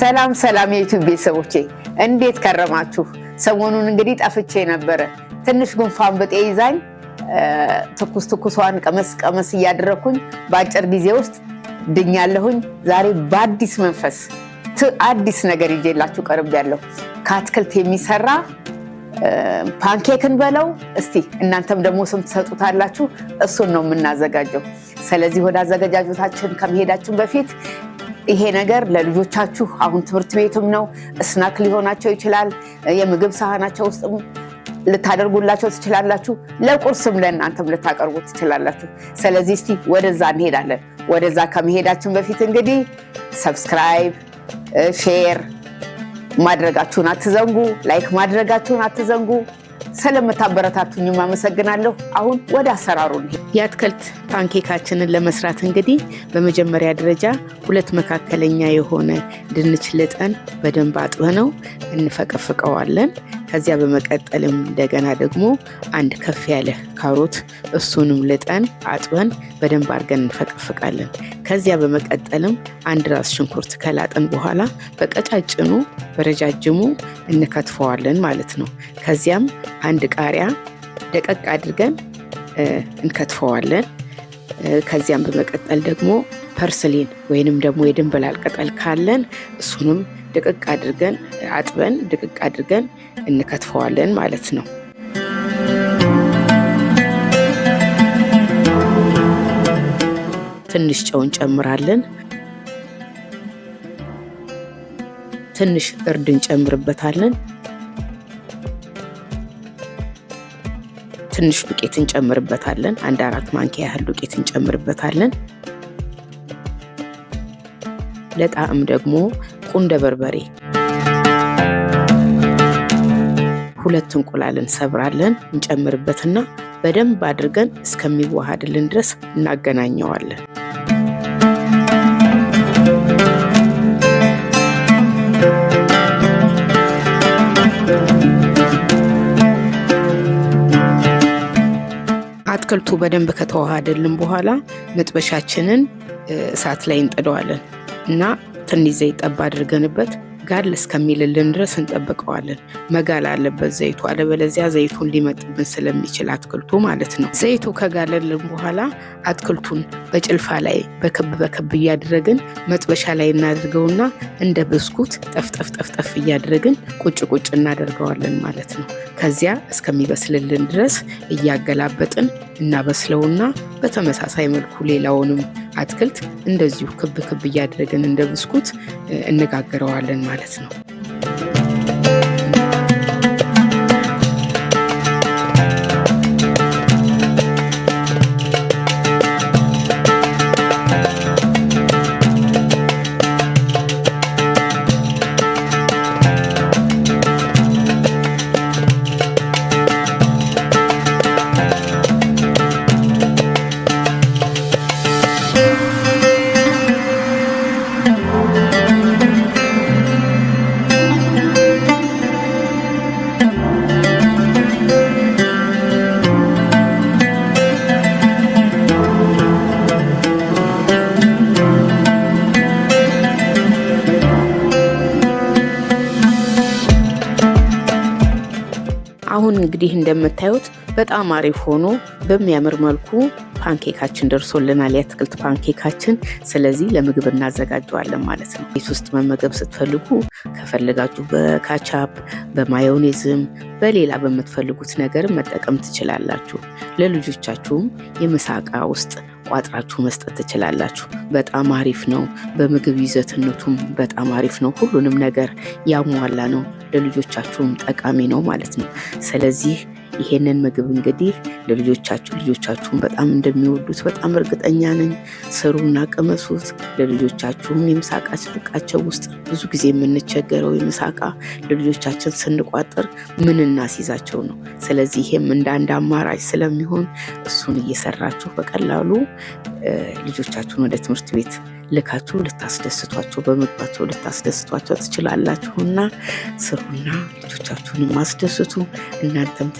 ሰላም ሰላም የዩቱብ ቤተሰቦቼ እንዴት ከረማችሁ? ሰሞኑን እንግዲህ ጠፍቼ ነበረ። ትንሽ ጉንፋን ብጤ ይዛኝ ትኩስ ትኩሷን ቀመስ ቀመስ እያደረግኩኝ በአጭር ጊዜ ውስጥ ድኛለሁኝ። ዛሬ በአዲስ መንፈስ አዲስ ነገር ይዤላችሁ ያለሁ ከአትክልት የሚሰራ ፓንኬክን በለው እስቲ እናንተም ደግሞ ስም ትሰጡታላችሁ። እሱን ነው የምናዘጋጀው። ስለዚህ ወደ አዘገጃጀታችን ከመሄዳችን በፊት ይሄ ነገር ለልጆቻችሁ አሁን ትምህርት ቤትም ነው፣ እስናክ ሊሆናቸው ይችላል። የምግብ ሳህናቸው ውስጥም ልታደርጉላቸው ትችላላችሁ። ለቁርስም ለእናንተም ልታቀርቡ ትችላላችሁ። ስለዚህ እስቲ ወደዛ እንሄዳለን። ወደዛ ከመሄዳችን በፊት እንግዲህ ሰብስክራይብ፣ ሼር ማድረጋችሁን አትዘንጉ። ላይክ ማድረጋችሁን አትዘንጉ። ስለምታበረታቱኝም አመሰግናለሁ። አሁን ወደ አሰራሩ እንሂድ። የአትክልት ፓንኬካችንን ለመስራት እንግዲህ በመጀመሪያ ደረጃ ሁለት መካከለኛ የሆነ ድንች ልጠን በደንብ አጥበነው እንፈቀፍቀዋለን። ከዚያ በመቀጠልም እንደገና ደግሞ አንድ ከፍ ያለ ካሮት እሱንም ልጠን አጥበን በደንብ አድርገን እንፈቀፍቃለን። ከዚያ በመቀጠልም አንድ ራስ ሽንኩርት ከላጥን በኋላ በቀጫጭኑ በረጃጅሙ እንከትፈዋለን ማለት ነው። ከዚያም አንድ ቃሪያ ደቀቅ አድርገን እንከትፈዋለን። ከዚያም በመቀጠል ደግሞ ፐርስሊን ወይንም ደግሞ የድንብላል ቅጠል ካለን እሱንም ድቅቅ አድርገን አጥበን ድቅቅ አድርገን እንከትፈዋለን ማለት ነው። ትንሽ ጨው እንጨምራለን። ትንሽ እርድ እንጨምርበታለን። ትንሽ ዱቄት እንጨምርበታለን። አንድ አራት ማንኪያ ያህል ዱቄት እንጨምርበታለን። ለጣዕም ደግሞ ቁንደ በርበሬ ሁለት እንቁላል እንሰብራለን እንጨምርበትና በደንብ አድርገን እስከሚዋሃድልን ድረስ እናገናኘዋለን። አትክልቱ በደንብ ከተዋሃደልን በኋላ መጥበሻችንን እሳት ላይ እንጥደዋለን። እና ትንሽ ዘይት ጠብ አድርገንበት ጋል እስከሚልልን ድረስ እንጠብቀዋለን። መጋል አለበት ዘይቱ፣ አለበለዚያ ዘይቱን ሊመጥብን ስለሚችል አትክልቱ ማለት ነው። ዘይቱ ከጋለልን በኋላ አትክልቱን በጭልፋ ላይ በክብ በክብ እያደረግን መጥበሻ ላይ እናደርገውና እንደ ብስኩት ጠፍጠፍ ጠፍጠፍ እያደረግን ቁጭ ቁጭ እናደርገዋለን ማለት ነው። ከዚያ እስከሚበስልልን ድረስ እያገላበጥን እናበስለውና በተመሳሳይ መልኩ ሌላውንም አትክልት እንደዚሁ ክብ ክብ እያደረግን እንደ ብስኩት እንጋግረዋለን ማለት ነው። አሁን እንግዲህ እንደምታዩት በጣም አሪፍ ሆኖ በሚያምር መልኩ ፓንኬካችን ደርሶልናል፣ የአትክልት ፓንኬካችን። ስለዚህ ለምግብ እናዘጋጀዋለን ማለት ነው። ቤት ውስጥ መመገብ ስትፈልጉ ከፈለጋችሁ በካቻፕ በማዮኔዝም በሌላ በምትፈልጉት ነገር መጠቀም ትችላላችሁ። ለልጆቻችሁም የምሳ እቃ ውስጥ ቋጥራችሁ መስጠት ትችላላችሁ። በጣም አሪፍ ነው። በምግብ ይዘትነቱም በጣም አሪፍ ነው። ሁሉንም ነገር ያሟላ ነው። ለልጆቻችሁም ጠቃሚ ነው ማለት ነው። ስለዚህ ይሄንን ምግብ እንግዲህ ለልጆቻችሁ ልጆቻችሁን በጣም እንደሚወዱት በጣም እርግጠኛ ነኝ። ስሩና ቅመሱት። ለልጆቻችሁም የምሳቃ ስልቃቸው ውስጥ ብዙ ጊዜ የምንቸገረው የምሳቃ ለልጆቻችን ስንቋጥር ምን እናስይዛቸው ነው። ስለዚህ ይሄም እንደ አንድ አማራጭ ስለሚሆን እሱን እየሰራችሁ በቀላሉ ልጆቻችሁን ወደ ትምህርት ቤት ልካችሁ ልታስደስቷቸው በምግባቸው ልታስደስቷቸው ትችላላችሁና ስሩና ልጆቻችሁንም አስደስቱ። እናንተም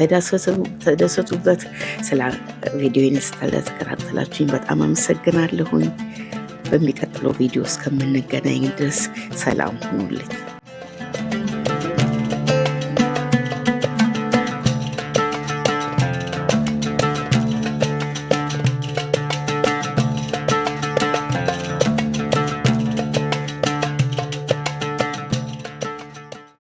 ተደሰቱበት። ስለ ቪዲዮ ስለተከታተላችሁኝ በጣም አመሰግናለሁኝ። በሚቀጥለው ቪዲዮ እስከምንገናኝ ድረስ ሰላም ሁኑልኝ።